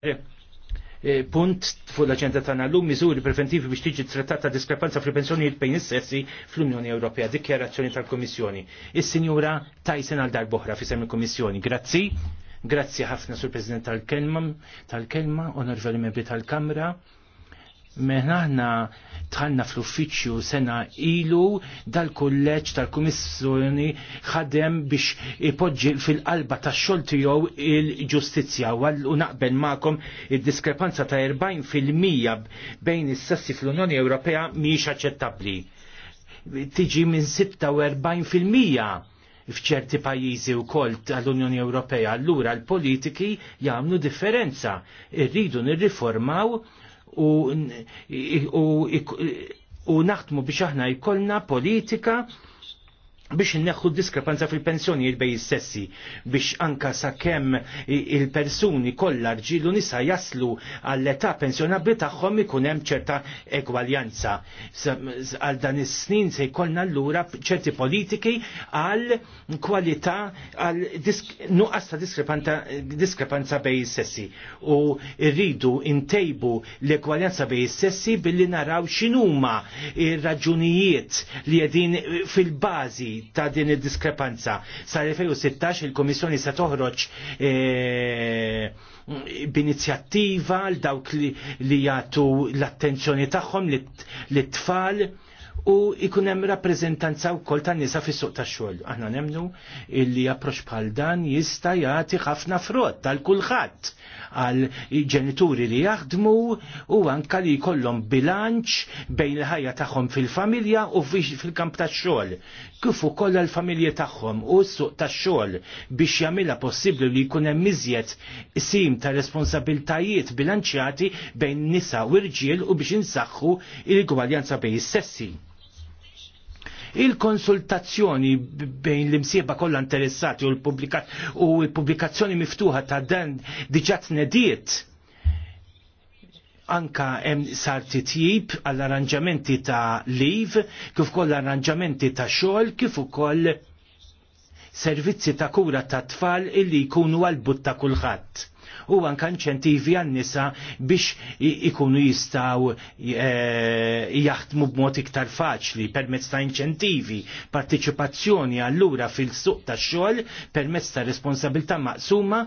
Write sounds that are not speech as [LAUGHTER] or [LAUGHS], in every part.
Eh, eh, punt fuq l-aġenda tagħna llum miżuri preventivi biex tiġi trattata diskrepanza fil-pensjonijiet bejn is-sessi fl-Unjoni Ewropea. Dikjarazzjoni tal-Kummissjoni. Is-Sinjura Tyson għal darboħra fi semmi Kummissjoni. Grazzi. Grazzi ħafna sur President tal-kelma, tal-kelma, onorveli membri tal-Kamra. Meħna tħanna fl-uffiċju sena ilu dal-kolleġġ tal-Kummissjoni ħadem biex ipoġġi fil-qalba tax-xogħol tiegħu il-ġustizzja u naqbel magħkom id-diskrepanza ta' 40% bejn is-sessi fl-Unjoni Ewropea mhijiex aċċettabbli. Tiġi minn 46% fċerti pajjiżi u tal-Unjoni Ewropea, allura l-politiki jagħmlu differenza. Irridu nirriformaw u, u, u, u naħdmu biex aħna jkollna politika biex neħħu diskrepanza fil-pensjonijiet bej sessi biex anka sakemm il-persuni kollha ġilu nisa jaslu għall-età pensjonabbli tagħhom ikun hemm ċerta egwaljanza. Għal dan is-snin se jkollna allura ċerti politiki għal kwalità għal nuqqas ta' diskrepanza bej sessi u rridu intejbu l-egwaljanza bej sessi billi naraw x'inhuma ir-raġunijiet li qegħdin fil-bażi ta' din id-diskrepanza. Sa' 2016 il-Komissjoni se toħroġ e, b'inizjattiva l dawk li jagħtu l-attenzjoni tagħhom li t-tfal u ikunem hemm rappreżentanza wkoll tan-nisa fis-suq tax-xogħol. Aħna nemnu illi approċċ bħal dan jista' jagħti ħafna frott tal kulħadd għal ġenituri li jaħdmu u anka li jkollhom bilanċ bejn il-ħajja tagħhom fil-familja u fil-kamp tax-xogħol. Kif ukoll l familji tagħhom u s-suq tax-xogħol biex jagħmilha possibbli li jkun hemm miżjed sim ta' responsabiltajiet bilanċjati bejn nisa u rġiel u biex insaħħu l-gwaljanza bejn is-sessi. Il-konsultazzjoni bejn l-imsieba kollha interessati u l-pubblikazzjoni miftuħa ta' dan diġà tnediet anka hemm sar titjib għall arranġamenti ta' liv, kif ukoll arranġamenti ta' xogħol, kif ukoll servizzi ta' kura ta' tfal illi jkunu għal-but ta' kulħadd. U anka inċentivi għan-nisa biex ikunu jistaw e, jaħdmu b'mod iktar faċli permezz ta' inċentivi, partiċipazzjoni allura fil-suq ta' xogħol permezz ta' responsabilità maqsuma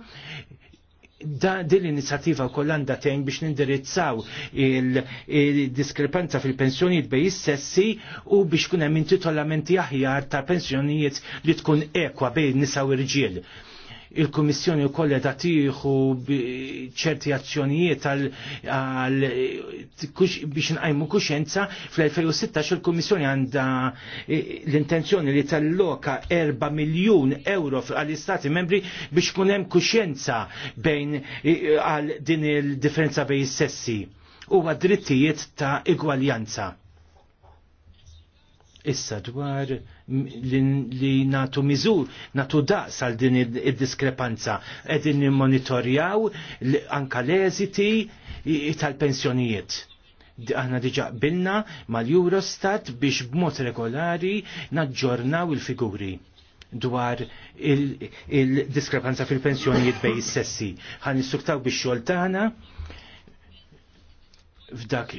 da din l-inizjattiva għandha tejn biex nindirizzaw il-diskrepanza fil-pensjonijiet bej is-sessi u biex kun hemm intitolamenti aħjar ta' pensjonijiet li tkun ekwa bejn nisa u rġiel il-Kummissjoni wkoll qed tieħu ċerti azzjonijiet biex nqajmu kuxenza fl-2016 il-Kummissjoni għandha eh, l-intenzjoni li tal-loka 4 miljun euro għall-Istati membri biex kunem hemm kuxjenza bejn eh, għal din il-differenza bejn sessi u drittijiet ta' igwaljanza. Issa dwar li natu miżur, natu daqs għal din id-diskrepanza. Edin monitorjaw anka l-eżiti tal-pensjonijiet. Aħna diġa qbilna mal-Eurostat biex b'mod regolari naġġornaw il-figuri dwar il-diskrepanza fil-pensjonijiet bej is-sessi. Għan nissuktaw biex xogħol tagħna f'dak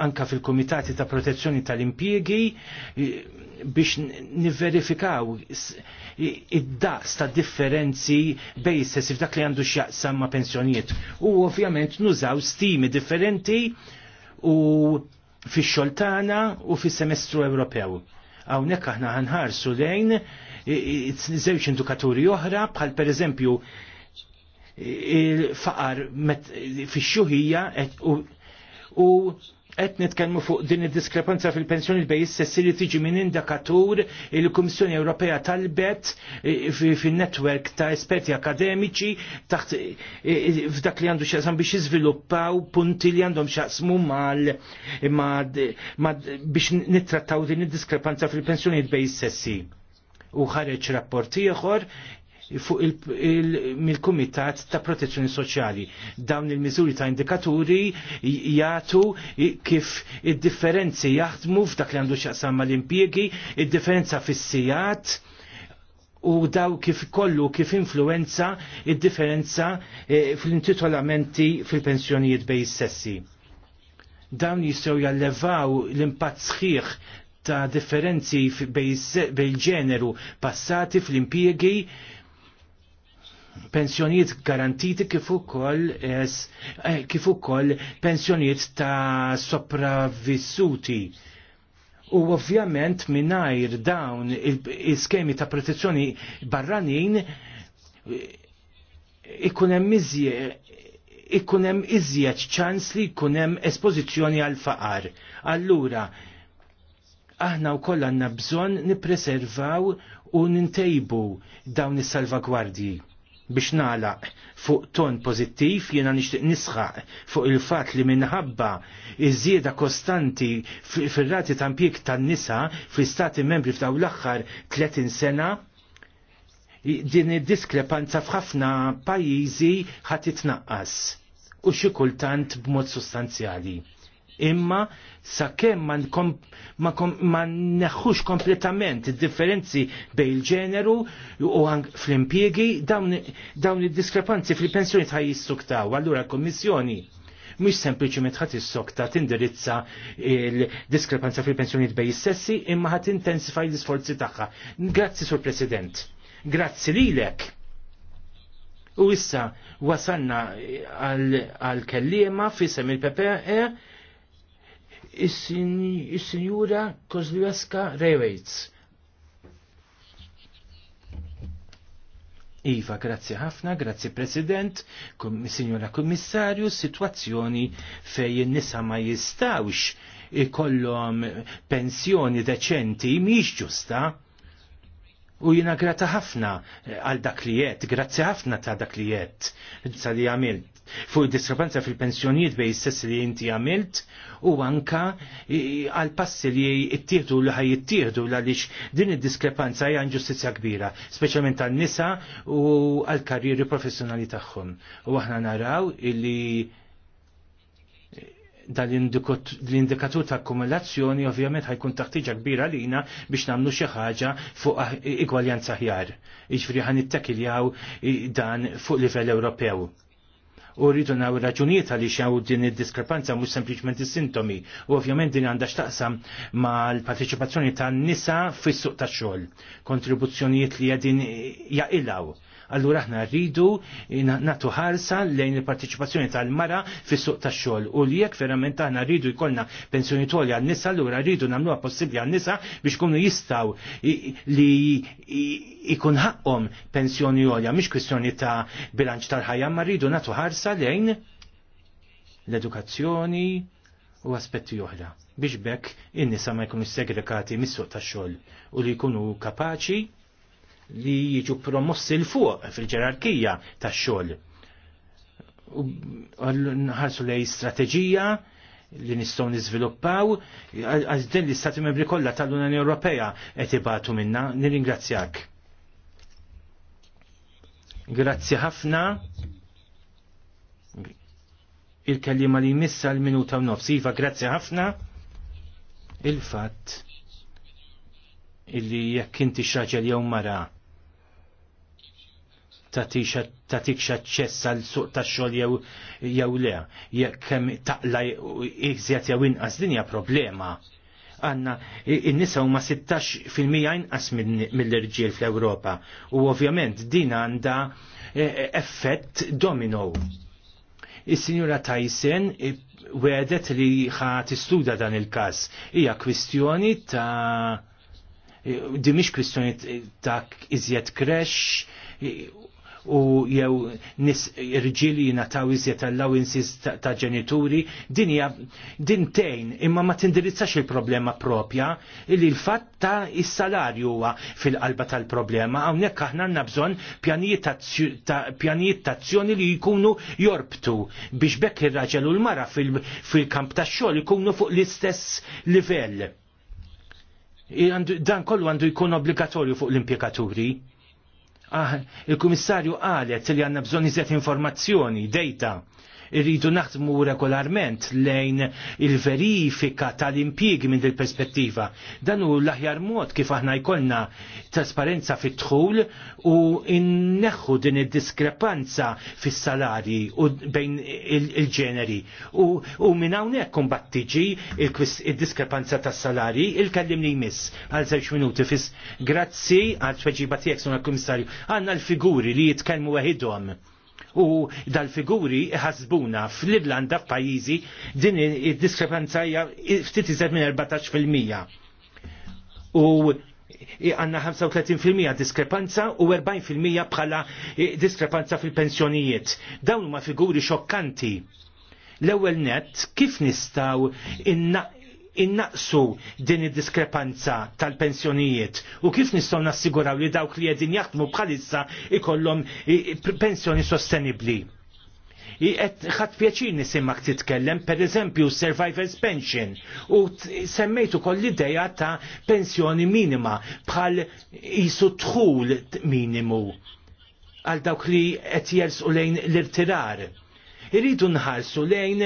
anka fil-Kumitati ta' Protezzjoni tal-Impjiegi biex niverifikaw id-daqs ta' differenzi basis f'dak li għandu x'jaqsam ma' pensjonijiet. U ovvjament nużaw stimi differenti u fi xoltana u fis-semestru Ewropew Hawnhekk aħna ħanħarsu lejn zewċ indukaturi oħra bħal per eżempju il-faqar fi xuħija u qed nitkellmu fuq din id-diskrepanza fil-pensjoni bej is-sessi li tiġi minn indikatur il-Kummissjoni Ewropea talbet eh, fin-netwerk ta' esperti akademiċi taħt eh, f'dak li għandu x'jaqsam biex jiżviluppaw punti li għandhom x'jaqsmu mal biex nittrattaw din id-diskrepanza fil-pensjoni bej is-sessi. U ħareġ rapport ieħor fuq il-Kumitat ta' Protezzjoni Soċjali. Dawn il-miżuri ta' indikaturi jagħtu kif id-differenzi jaħdmu f'dak li għandu x'aqsam mal-impjiegi, id-differenza fis-sijat u daw kif kollu kif influenza id-differenza e, fl-intitolamenti fil-pensjonijiet bej sessi. Dawn jistgħu jallevaw l-impatt sħiħ ta' differenzi bej ġeneru passati fl impiegi pensjonijiet garantiti kif ukoll eh, kif ukoll pensjonijiet ta' sopravvissuti. U ovvjament mingħajr dawn il-skemi ta' protezzjoni barranin ikun hemm ikunem hemm iżjed ċans li jkun hemm espożizzjoni għal faqar. Allura, aħna wkoll għandna bżonn nippreservaw u nintejbu dawn is-salvagwardji biex nalaq fuq ton pozittif jiena nixtieq nisħaq fuq il-fatt li minħabba iż-żieda kostanti fir-rati ta' tan-nisa fl-istati membri f'daw l-aħħar 30 sena din id-diskrepanza f'ħafna pajjiżi ħadd itnaqqas u xi kultant b'mod sostanzjali imma sakemm ma, ma neħħux kompletament id-differenzi bejn il-ġeneru u fl-impjiegi dawn id-diskrepanzi fil-pensjoni ta' jissuktaw. Allura l-Kommissjoni mux sempliċiment ħadd jistukta tindirizza il-diskrepanza fil-pensjonijiet bejn is-sessi imma ħadd intensifaj l-isforzi tagħha. Grazzi sur President. Grazzi lilek. U issa wasanna għal-kellima fi il-PPE is-Sinjura Kozliweska Rewejts. Iva, grazzi ħafna, grazzi President, Sinjura Komissarju, situazzjoni fej nisa ma jistawx ikollhom pensjoni deċenti miġ ġusta U jina grata ħafna eh, għal dak li jett, grazzi ħafna ta' dak li jett, sa li għamilt. Fuq diskrepanza fil-pensjoniet bej s-sess li inti għamilt u anka għal passi li jittieħdu li ħaj jittieħdu għaliex din id-diskrepanza hija ġustizja kbira, speċjalment għal nisa u għal karriri professjonali tagħhom. U aħna naraw illi dal-indikatur ta' akkumulazzjoni ovvjament ħajkun taħtiġa kbira lina biex namlu xi ħaġa fuq ah, igwaljanza ħjar. Iġifieri ħan ittakiljaw dan fuq livell Ewropew. U rridu naw raġunijiet għaliex hawn din id-diskrepanza mhux sempliċement is-sintomi. U ovvjament din għandha x'taqsam mal-parteċipazzjoni tan-nisa fis-suq tax-xogħol, kontribuzzjonijiet li qegħdin jaqilgħu Allura aħna rridu natu ħarsa lejn il parteċipazzjoni tal-mara fis-suq tax-xogħol u li jekk verament aħna rridu jkollna pensjoni twoli għan-nisa allura rridu nagħmluha possibbli għan-nisa biex kunu jistgħu li ikun ħaqhom pensjoni għolja mhix kwistjoni ta' bilanċ tal-ħajja ma rridu natu ħarsa lejn l-edukazzjoni u aspetti oħra biex bekk in-nisa ma jkunux segregati mis-suq tax-xogħol u li jkunu kapaċi li jiġu promossi l-fuq fil-ġerarkija tax xogħol. nħarsu lej strateġija li nistgħu niżviluppaw għal din l-Istati Membri kollha tal-Unjoni Ewropea qed ibatu minna, nirringrazzjak. Grazzi ħafna il-kellima li missa l-minuta u nofs. Iva, grazzi ħafna il-fatt illi jekk inti xraġel jew mara tatikx aċċess għal suq ta' xogħol jew le. Jekk hemm taqla iżjed jew inqas din hija problema. Għanna, in-nisa huma 16% inqas mill-irġiel fl-Ewropa u ovvjament din għandha e, e, effett domino. Is-Sinjura Tyson wedet li ħa tistuda dan il-każ. Hija kwistjoni ta' di mhix kwistjoni ta' iżjed kresh u jew nis irġili nataw iżjed allowances ta' ġenituri, din hija din tejn imma ma tindirizzax il-problema propja illi l-fatt ta' is-salarju huwa fil-qalba tal-problema hawnhekk aħna għandna bżonn pjanijiet ta' tazzjoni li jkunu jorbtu biex bekk ir-raġel u l-mara fil-kamp tax-xogħol ikunu fuq l-istess livell. Dan kollu għandu jkun obbligatorju fuq l impjegaturi Ah, il-Kummissarju qalet li għandna bżonn iżjed informazzjoni, data irridu naħdmu regolarment lejn il-verifika tal-impjiegi minn il-perspettiva. Dan hu l-aħjar mod kif aħna jkollna trasparenza fit-dħul u inneħħu din id-diskrepanza fis-salari u bejn il-ġeneri. U, u minn hawnhekk kombattiġi id diskrepanza tas-salari il kellimni li jmiss għal żewġ minuti fis grazzi għal tweġiba tiegħek sona kummissarju għandna l-figuri li jitkellmu weħidhom u dal-figuri ħasbuna fl-Irlanda f'pajjiżi din id-diskrepanza hija ftit iżgħar minn 14%. U għanna 35% diskrepanza u 40% bħala diskrepanza fil-pensjonijiet. Dawn huma figuri xokkanti. L-ewwel net kif nistgħu inna innaqsu din id-diskrepanza tal-pensjonijiet u kif nistgħu nassiguraw li dawk li qegħdin jaħdmu bħalissa ikollhom pensjoni sostenibbli. Ħadd pjaċir nisimak titkellem, per eżempju, survivor's pension, u semmejtu koll l-ideja ta' pensjoni minima bħal isu tħul minimu għal dawk li qed jersqu lejn l-irtirar. Iridu nħarsu lejn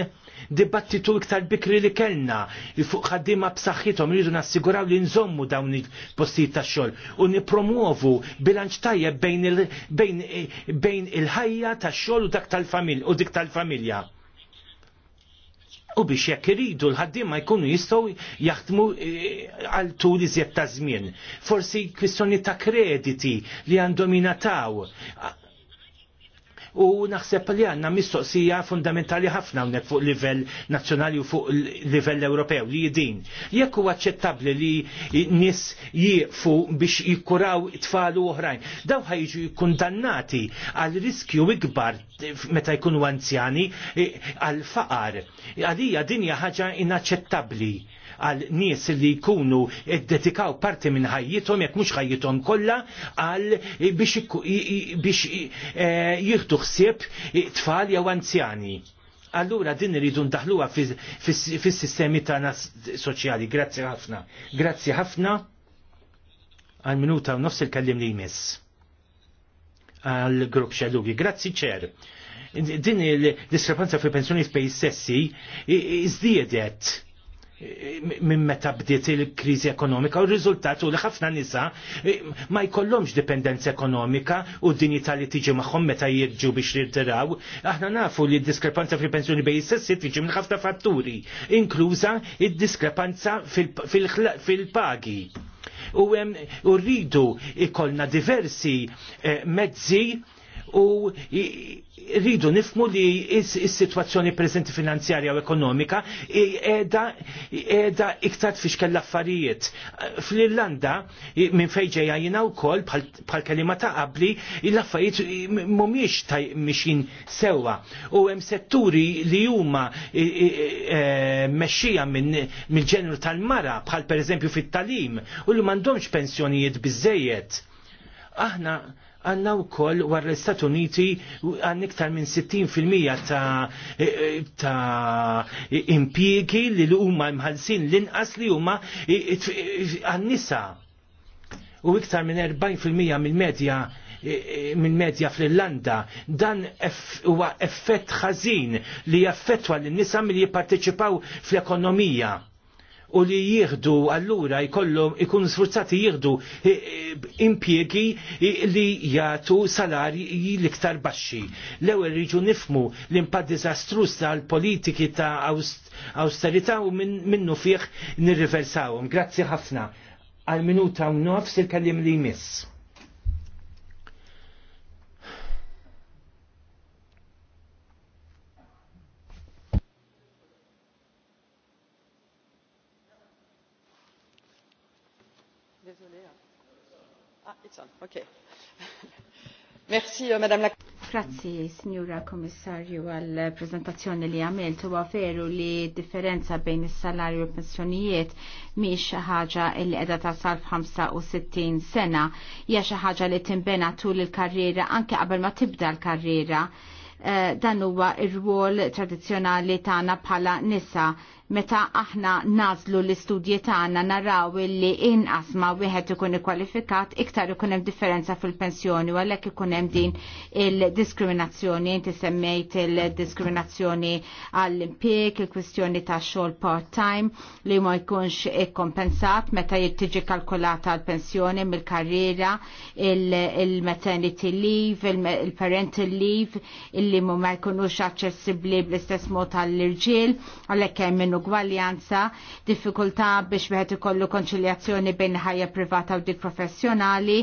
dibattitu l-iktar bikri li kellna li fuq ħaddiema b'saħħithom jridu nassiguraw li nżommu dawn il-postijiet tax-xogħol u nippromuovu bilanċ tajjeb eh, bejn il-ħajja tax-xogħol u dak tal-familja u dik tal-familja. U biex jekk iridu l-ħaddiema jkunu jistgħu jaħdmu eh, għal tul iżjed ta' żmien. Forsi kwistjoni ta' krediti li għandhom jingħataw u naħseb li għanna mistoqsija fundamentali ħafna hawnhekk fuq livell nazzjonali u fuq livell Ewropew li jidin. Jekk huwa aċċettabbli li nies jieqfu biex jikkuraw tfal u oħrajn, daw ħajġu jikkundannati għal riskju ikbar meta jkunu anzjani eh, għal faqar. Għalija dinja ħaġa inaċċettabbli għal nies li jkunu ddedikaw parti minn ħajjithom jekk mhux ħajjithom kollha għal biex e, jieħdu ħsieb tfal jew anzjani. Allura din rridu ndaħluha fis-sistemi tagħna soċjali. Grazzi ħafna. Grazzi ħafna għal minuta u nofs il-kellim li jmiss għal grupp xellugi. Grazzi ċer. Din l-diskrepanza fil pensjoni fej sessi iżdiedet minn meta bdiet il-kriżi ekonomika u r-riżultat u li ħafna nisa eh, ma jkollhomx dipendenza ekonomika u d-dinjità li tiġi magħhom meta jirġu biex jirtiraw. Aħna nafu li d-diskrepanza fil-pensjoni bejn is-sessi tiġi minn ħafna fatturi, inkluża id-diskrepanza fil-pagi. U rridu ikollna diversi eh, mezzi u rridu nifmu li is-situazzjoni preżenti finanzjarja u ekonomika edha iktar fiex l-affarijiet. Fl-Irlanda, minn fejn jina u kol, bħal kelima ta' qabli, l-affarijiet mumiex ta' sewwa. sewa. U hemm setturi li huma e, e, mexxija minn ġenru tal-mara, bħal per eżempju fit-talim, u li mandomx pensjonijiet bizzejiet. Aħna għanna u koll war l istati Uniti għan iktar minn 60% ta', e, e, ta impiegi li l-umma mħalsin l-inqas li huma għan-nisa. U iktar minn 40% mill-medja e, mill-medja fl-Irlanda. Dan huwa eff, effett ħażin li jaffettwa lin nisa milli jipparteċipaw fl-ekonomija u li jieħdu allura jkollhom ikunu sfurzati jieħdu impjegi li jagħtu salarji l-iktar baxxi. L-ewwel riġu nifmu l-impatt diżastrus tal-politiki ta' austerità u minnu fih nirriversawhom. Grazzi ħafna għal minuta u nofs il-kellim li jmiss. Ah, [LAUGHS] euh, Grazzi, signora Commissario, għal prezentazzjoni li għamilt huwa veru li differenza bejn is-salarju u pensjonijiet mhix ħaġa li qiegħda sal 65 sena, hija xi ħaġa li timbena tul il-karriera anke qabel ma tibda l-karriera. Eh, dan huwa ir-rwol tradizzjonali tagħna bħala nisa meta aħna nazlu l-istudji tagħna naraw li inqas ma wieħed ikun ikkwalifikat iktar ikun hemm differenza fil-pensjoni u għalhekk ikun hemm din il-diskriminazzjoni inti semmejt il-diskriminazzjoni għall-impjeg, il-kwistjoni ta' xogħol part-time li ma jkunx ikkompensat meta jittiġi kalkulata l-pensjoni mill-karriera, il-maternity leave, il-parental leave, illi ma jkunux aċċessibbli bl-istess mod tal-irġiel, għalhekk hemm minnu l-ugwaljanza, diffikultà biex wieħed ikollu konċiljazzjoni bejn ħajja privata u dik professjonali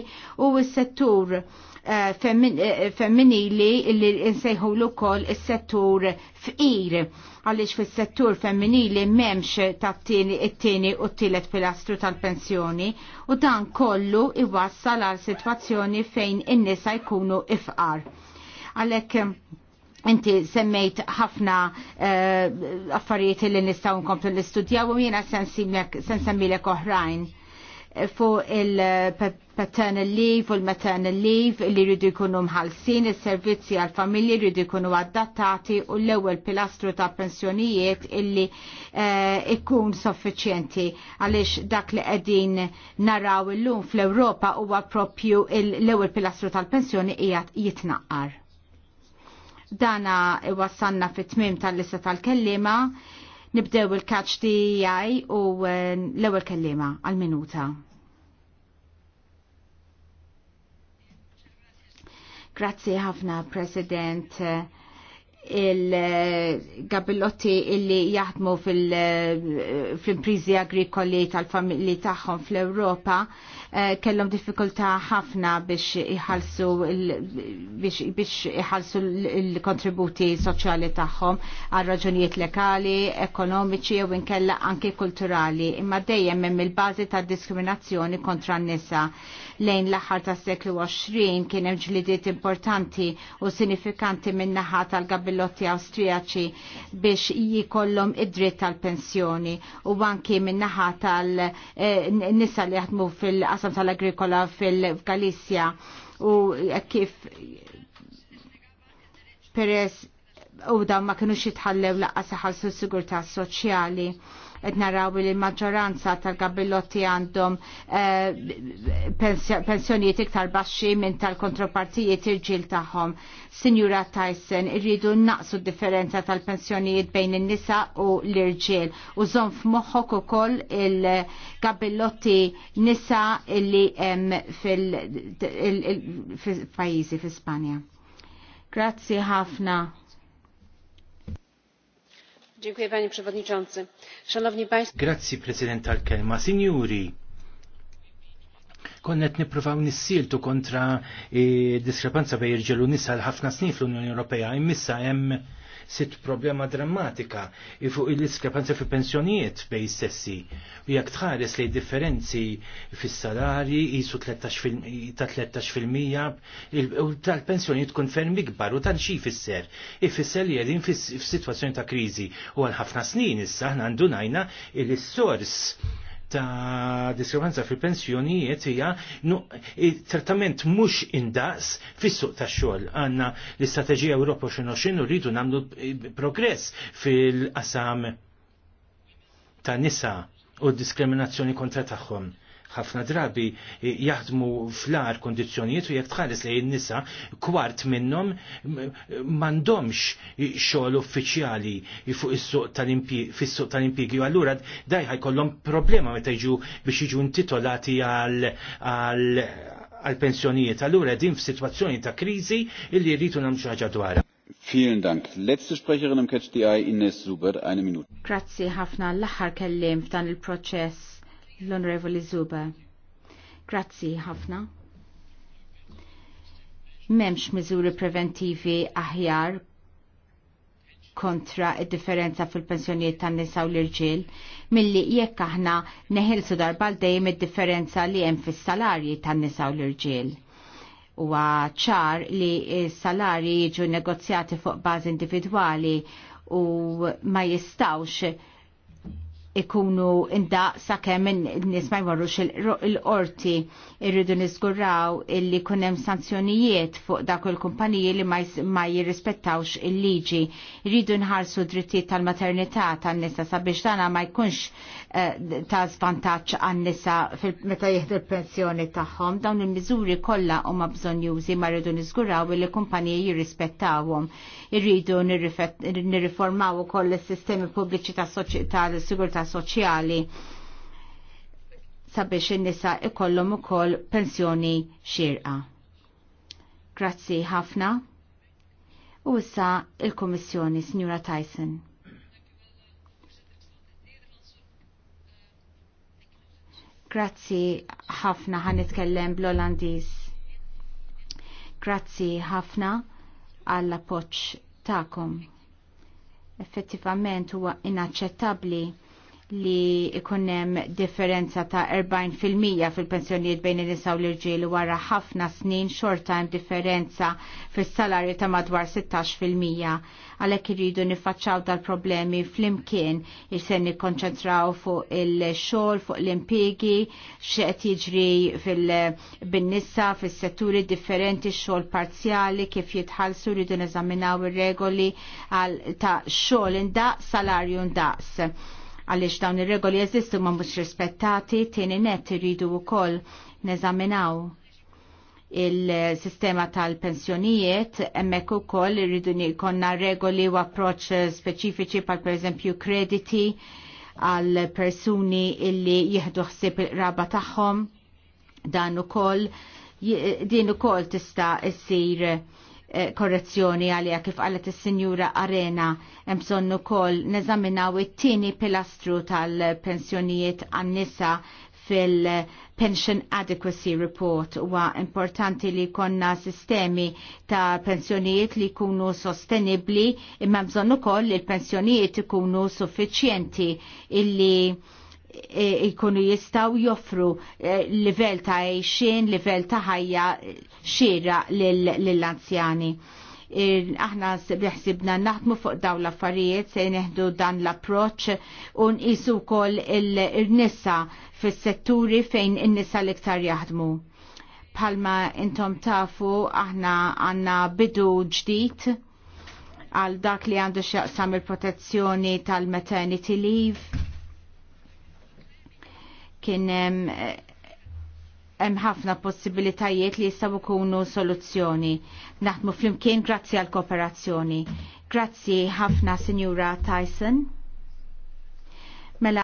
u s-settur eh, eh, femminili li nsejħu l-ukoll is-settur fqir għaliex fis-settur femminili m'hemmx tat-tieni t tieni u t-tielet pilastru tal-pensjoni u dan kollu iwassal għal sitwazzjoni fejn in-nisa jkunu ifqar. Għalhekk Inti semmejt ħafna uh, affarijiet li nistaw nkomplu l istudja u jena sen semmilek oħrajn eh, fuq il-paternal leave u l-maternal leave li rridu jkunu mħalsin, il-servizzi għal-familji rridu jkunu adattati u l-ewel pilastru ta' pensjonijiet illi uh, ikun soffiċjenti għalix dak li qegħdin naraw illum fl-Ewropa huwa għapropju l-ewel pilastru tal-pensjoni qiegħed jitnaqar. Dana wassanna fit-tmim tal-lista tal-kellima. Nibdew il-catch DI u eh, l-ewel kellima għal-minuta. Grazzi ħafna, President il-gabillotti illi jaħdmu fil-imprizi agrikoli tal-familji tagħhom fl-Ewropa eh, kellhom diffikultà ħafna biex iħallsu biex l-kontributi soċjali tagħhom għal raġunijiet lokali, ekonomiċi u inkella anke kulturali, imma dejjem hemm il-bażi ta' diskriminazzjoni kontra n-nisa lejn l-aħħar tas-seklu 20 kien hemm ġlidiet importanti u sinifikanti min-naħa tal-gabillotti lotti Awstrijaċi biex jikollhom id-dritt tal-pensjoni u anki minnaħa tal-nisa eh, li jaħdmu fil-qasam tal-agrikola fil-Galizja u kif peress u dawn ma kienux jitħallew laqqa saħal sul-sigurtà soċjali qed li l-maġġoranza tal-gabillotti għandhom pensjonijiet iktar baxxi minn tal-kontropartijiet irġiel tagħhom. Sinjura Tyson, irridu naqsu differenza tal-pensjonijiet bejn in-nisa u l-irġiel u żon f'moħħok ukoll il-gabillotti nisa illi fil-pajjiżi fi Spanja. Grazzi ħafna. Grazie panie przewodniczący. tal-kelma. Signori, konnet nipruvaw nissiltu kontra eh, diskrepanza bej irġelu nisa l-ħafna snin fl-Unjoni Ewropea. Immissa hemm sit problema drammatika fuq il-diskrepanza fi pensjonijiet bej sessi. U jekk tħares li differenzi fis-salari jisu ta' 13% u tal pensjoni kun ferm ikbar u tal-xi fisser. Ifisser li jedin fis-situazzjoni ta' kriżi u għal ħafna snin issa ħna għandunajna il-sors ta' diskrepanza fil-pensjonijiet hija trattament mhux indaqs fis-suq tax-xogħol. Għandna l-Istrateġija Ewropa 2020 u rridu nagħmlu progress fil-qasam ta' nisa u diskriminazzjoni kontra tagħhom ħafna drabi jaħdmu fl-ar kondizjonijiet u jekk tħares li n-nisa kwart minnhom m'għandhomx xogħol uffiċjali fuq is-suq tal-impjiegi tal-impjiegi u allura daj ħajkollhom problema meta jiġu biex jiġu intitolati għal pensjonijiet. Allura din f'sitwazzjoni ta' kriżi illi rridu nagħmlu xi ħaġa dwarha. Vielen Dank. Letzte Sprecherin im Catch DI, Ines Subert, eine Minute. Grazie ħafna l-aħħar kellim f'dan il-proċess l-Onorevoli Zuba. Grazzi ħafna. Memx miżuri preventivi aħjar kontra id-differenza fil-pensjoniet tan nisa u l-irġiel, milli jekk aħna neħilsu darba id-differenza li hemm fis-salarji tan nisa u l-irġiel. Huwa ċar li s-salarji jiġu negozjati fuq bażi individwali u ma jistawx ikunu inda sakemm n-nies ma jmorrux il-qorti irridu niżguraw illi kunem sanzjonijiet fuq dak il-kumpaniji li ma jirrispettawx il-liġi. Rridu nħarsu drittijiet tal-maternità tan-nisa sabiex dana ma jkunx eh, ta' zvantaġġ għan-nisa meta jieħdu l-pensjoni tagħhom. Dawn il-miżuri kollha huma bżonjużi ma rridu niżguraw illi kumpaniji jirrispettawhom. Irridu nirriformaw ukoll is-sistemi pubbliċi tas-soċjetà tas-sigurtà soċjali sabiex in-nisa ikollhom ukoll pensjoni xirqa. Grazzi ħafna. U issa il-Kummissjoni, Signora Tyson. Grazzi ħafna ħan nitkellem bl-Olandiż. Grazzi ħafna għall appoġġ tagħkom. Effettivament huwa inaċċettabbli li ikunem differenza ta' 40% fil-pensjoniet bejn il-nisa u l-irġiel wara ħafna snin short time differenza fil-salarju ta' madwar 16%. Għalek irridu nifacċaw tal problemi fl-imkien jisen nikkonċentraw fuq il-xol, fuq l-impiegi, xeqt jiġri fil-nisa, fil-setturi differenti, xol parzjali, kif jitħalsu rridu neżaminaw ir regoli ta' xol indaqs, salarju indaqs għaliex dawn ir-regoli jeżistu ma mhux rispettati, tieni net iridu wkoll neżaminaw il-sistema tal-pensjonijiet hemmhekk ukoll irridu konna regoli u approċ speċifiċi pal per eżempju krediti għal persuni illi jihdu ħsieb il-raba tagħhom dan ukoll din ukoll tista' issir Eh, korrezzjoni għalija kif għalet il-Sinjura Arena jemsonnu kol neżaminaw it-tini pilastru tal-pensjonijiet għannisa fil-Pension Adequacy Report huwa importanti li konna sistemi ta' pensjonijiet li kunu sostenibli imma bżonnu koll li l-pensjonijiet ikunu suffiċjenti illi E, ikunu jistaw joffru e, livell ta' għejxin, livell ta' ħajja e, xira lill-anzjani. Aħna biħsibna naħdmu fuq daw l-affarijiet se neħdu dan l-approċ un jisu kol il-nissa fis-setturi fejn in-nisa l-iktar jaħdmu. Palma intom tafu aħna għanna bidu ġdijt għal dak li għandu xaqsam il-protezzjoni tal-maternity leave kien eh, hemm ħafna possibilitajiet li jistgħu jkunu soluzzjoni. Naħdmu flimkien grazzi għall kooperazzjoni Grazzi ħafna Sinjura Tyson.